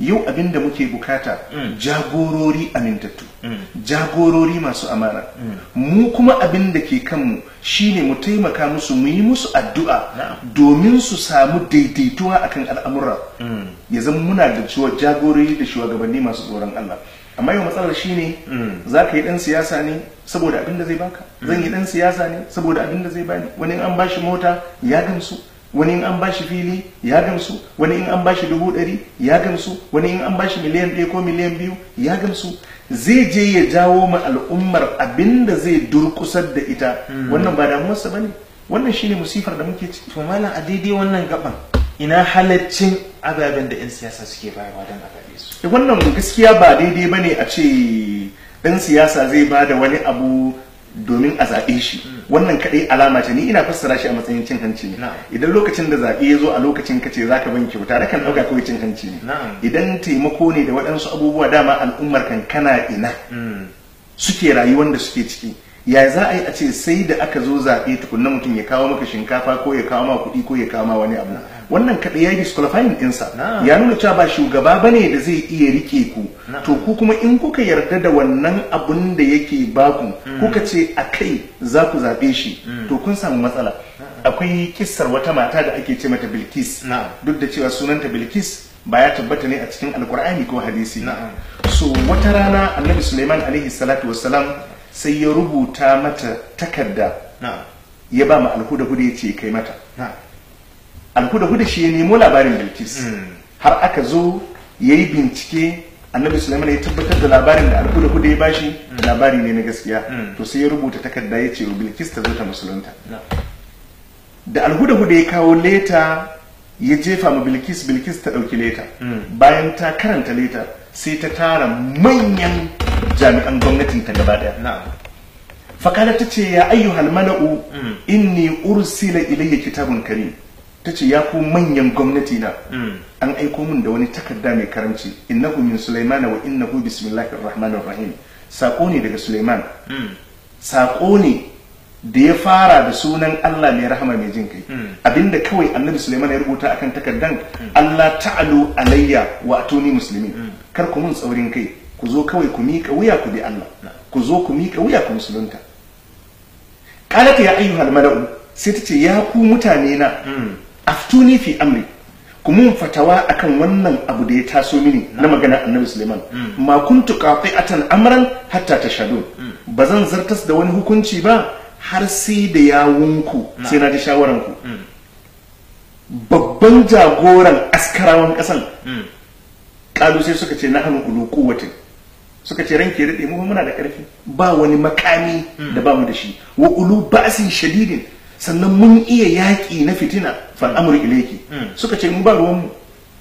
yau abin da muke bukata mm. jagorori amintattu mm. jagorori masu amara. Mm. mu kuma abin da ke kanmu shine mu taimaka musu mu yi musu addu'a domin su samu daidaituwa akan al'amura ya zama muna da jagorori da shugabanni masu tsoron Allah amma yau matsalar shi ne za ka yi dan siyasa ne saboda abin da zai baka zan yi dan siyasa ne saboda abin da zai bani wani an ba shi mota ya gamsu wani in an bashi fili ya gamsu wani in an bashi dubu ɗari ya gamsu wani in an bashi miliyan ɗaya ko miliyan biyu ya gamsu zai je ya jawo ma al'ummar abin da zai durkusar da ita hmm. wannan ba damuwarsa ba ne wannan shine musifar da muke ciki to malam a daidai wannan gaban ina halaccin ababen da 'yan siyasa suke bayarwa don a su eh, wannan gaskiya ba daidai ba ne a ce dan siyasa zai ba da wani abu domin a zaɓe shi wannan kaɗai alama ce ni ina fassara shi a matsayin cin hanci ne idan lokacin da zaɓe ya zo a lokacin ka ce za ka ban kyauta da kan ɗauka kawai cin hanci ne idan taimako ne da waɗansu abubuwa dama al'ummar kan kana ina hmm. suke rayuwar da suke ciki ya za a yi a ce sai da aka zo zaɓe tukunna mutum ya kawo maka shinkafa ko ya kawo ma kuɗi ko ya kawo ma wani abu wannan kaɗai ya yi disqualifying ɗinsa ya nuna cewa ba shugaba ba ne da zai iya rike ku to ku kuma in kuka yarda da wannan abun da yake baku hmm. kuka ce a kai za ku zaɓe shi hmm. to kun samu matsala akwai kissar wata mata da ake ce mata bilkis duk da cewa sunanta bilkis ba ya tabbata ne a cikin alkur'ani ko hadisi so wata rana annabi suleiman alaihi salatu wassalam sai ya rubuta mata takarda ya ba ma alhuda hudu ya ce kai mata alhuda huda shi ya nemo labarin bilkis hmm. har aka zo ya yi bincike annabi sulaiman ya tabbatar da labarin da alhuda huda ya bashi hmm. labari ne na gaskiya hmm. to sai ya rubuta takarda ya ce bilkis ta zo ta musulunta da alhuda huda ya kawo leta ya jefa ma bilkis bilkis ta ɗauki leta bayan ta karanta leta sai ta tara manyan jami'an gwamnatin ta gaba ɗaya fakala ta ce ya ayyuhal mala'u inni ursila ilayya kitabun karim ta ce ya ku manyan gwamnati na hmm. an aiko min da wani takarda mai karamci innahu min sulaimana wa innahu bismillahir rahmanir rahim sako ne daga sulaiman hmm. sako ne da ya fara da sunan Allah mai rahama mai jin kai hmm. abinda kawai annabi Sulaiman ya rubuta akan takardan Allah ta'alu alayya wa atuni muslimin kar ku mun tsaurin kai ku zo kawai ku miƙa wuya ku bi Allah ku zo ku miƙa wuya ku musulunta qalat ya ayyuhal mala'u sai ta ce ya ku mutane na aftuni fi amri ku mun fatawa akan wannan abu da ya taso mini na magana annabi suleiman hmm. ma kuntu qati'atan amran hatta tashadu hmm. ba zan zartas da wani hukunci ba har sai da yawunku sai na ji shawaran ku hmm. babban jagoran askarawan kasan kalu sai suka ce na hannu ulu kuwatin suka ce ranke daɗe mu muna da ƙarfi ba wani makami da ba mu da shi wa ulu ba'sin shadidin sannan mun iya yaƙi na fitina fal'amuri Ileki. ilayki hmm. suka ce mu ba ruwan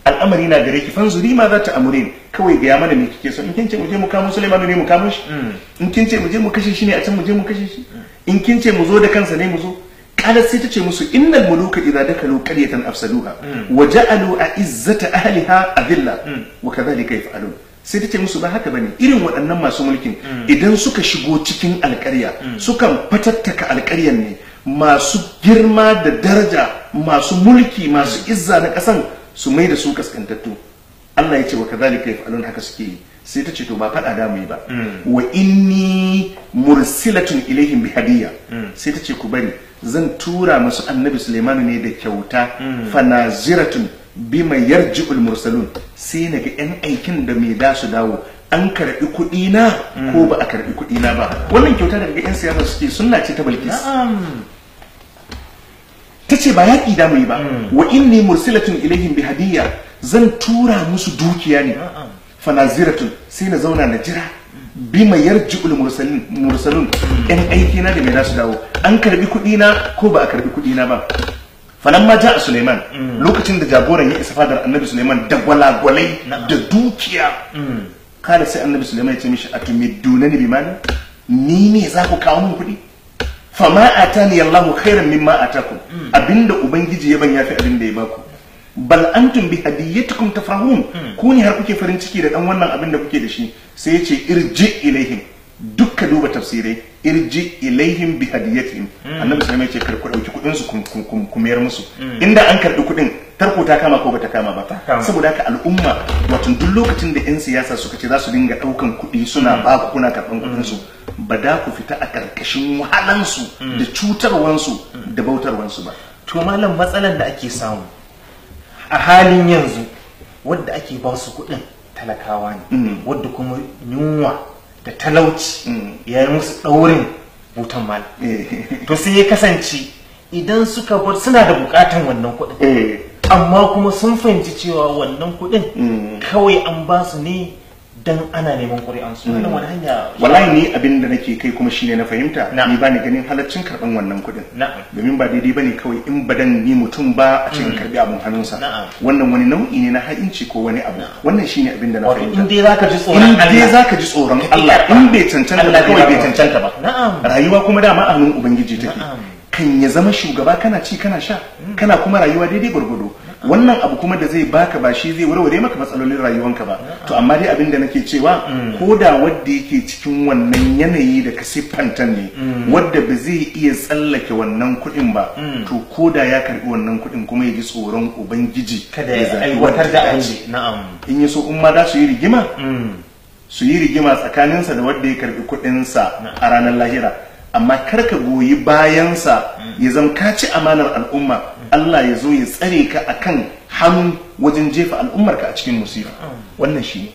al'amari na gare ki fanzuri ma za ta amurin kawai gaya mana me kike so in kin ce mu je mu kamo Sulaiman ne mu kamo shi hmm. in kin ce mu je mu kashe shi ne a can mu je mu kashe shi hmm. in kin ce mu zo da kansa ne mu zo qalat sai ta ce musu innal muluka idza dakalu qaryatan afsaduha wa ja'alu a'izzata ahliha adilla wa kadhalika yaf'alun sai ta ce musu ba haka bane irin waɗannan masu mulkin idan suka shigo cikin alƙarya sukan fatattaka alƙaryar ne masu girma da daraja masu mulki masu izza na kasan su mai da su kaskantattu Allah ya ce wa kadhalika yaf'alun haka suke yi sai ta ce to ba fada da yi ba mm. wa inni mursilatun ilaihim bi hadiyya mm. sai ta ce ku bari zan tura masu annabi Suleiman ne da kyauta mm. fanaziratun mai yarji'ul mursalun sai naga yan aikin da mai da su dawo an karɓi kuɗi na ko ba a karbi kuɗi na ba wannan kyauta da ga yan siyasa suke sunna ce ta balkis ta ce ba yaƙi da mai ba mm. wa inni mursilatun ilaihim bi hadiyya zan tura musu dukiya ne fanaziratun sai na zauna na jira bi bima yarji'ul mursalun mm. yan aiki na da mai nasu dawo an karɓi kuɗi na ko ba a karɓi kuɗi na ba fanan ma a Suleiman mm. lokacin da jagoran ya isa fadar Annabi Suleiman da gwalagwalai da dukiya kada sai annabi sulaiman ya ce mishi atumiddunani bimala ni ne za ku kawo min kuɗi fama atani allahu khairan mimma atakum hmm. abinda ubangiji ya ban yafi abinda ya baku bal antum bi hadiyatikum tafrahun hmm. ku ne har kuke farin ciki da dan wannan abin da kuke da shi sai ya ce irji ilaihim dukka duba tafsirai irji ilaihim bi hadiyatihim hmm. annabi sai mai ce karku dauki kudin su ku mayar musu hmm. inda an karbi kudin tarko ta kama ko bata kama ba saboda haka al'umma wato duk lokacin da yan siyasa suka ce za su dinga daukan kudi suna hmm. ba ku kuna karban kudin su ba da ku fita a karkashin wahalan su da cutarwan su da bautarwan su ba to malam matsalan da ake samu a halin yanzu wadda ake ba su kudin talakawa ne wadda kuma yunwa da talauci mm. ya yi musu ɗaurin butan mal eh. to sai ya kasance idan suka bar suna da bukatan wannan kuɗin eh. amma kuma sun fahimci cewa wannan kuɗin mm. kawai an ba su ne dan ana neman ƙuri'an su wani wani hanya wallahi ni abin da nake kai kuma shine na fahimta ni ba ni ganin halaccin karɓan wannan kuɗin domin ba daidai bane kawai in badan ni mutum ba a cikin mm. karɓi abin hannunsa wannan wani nau'i ne na ha'inci ko wani abu wannan shine abin da na fahimta in dai zaka ji tsoron Allah in dai zaka ji tsoron Allah in bai cancanta ba kawai bai cancanta ba rayuwa kuma dama a hannun ubangiji take kan ya zama shugaba kana ci kana sha kana kuma rayuwa daidai gwargwado wannan abu kuma da zai baka ba shi zai warware maka matsalolin rayuwanka ba to amma dai abin da nake cewa ko da wadda yake cikin wannan yanayi da ka siffanta ne wadda ba zai iya tsallake wannan kuɗin ba to ko da ya karbi wannan kuɗin kuma ya ji tsoron ubangiji kada ya aiwatar da aji na'am in ya so in ma za su yi rigima mm. su yi rigima tsakaninsa da wadda ya karbi kuɗinsa a ranar lahira amma kar ka goyi bayansa ya zama ka ci amanar al'umma Allah ya zo ya tsare ka a kan hannu wajen jefa al'ummarka a cikin musifa wannan shi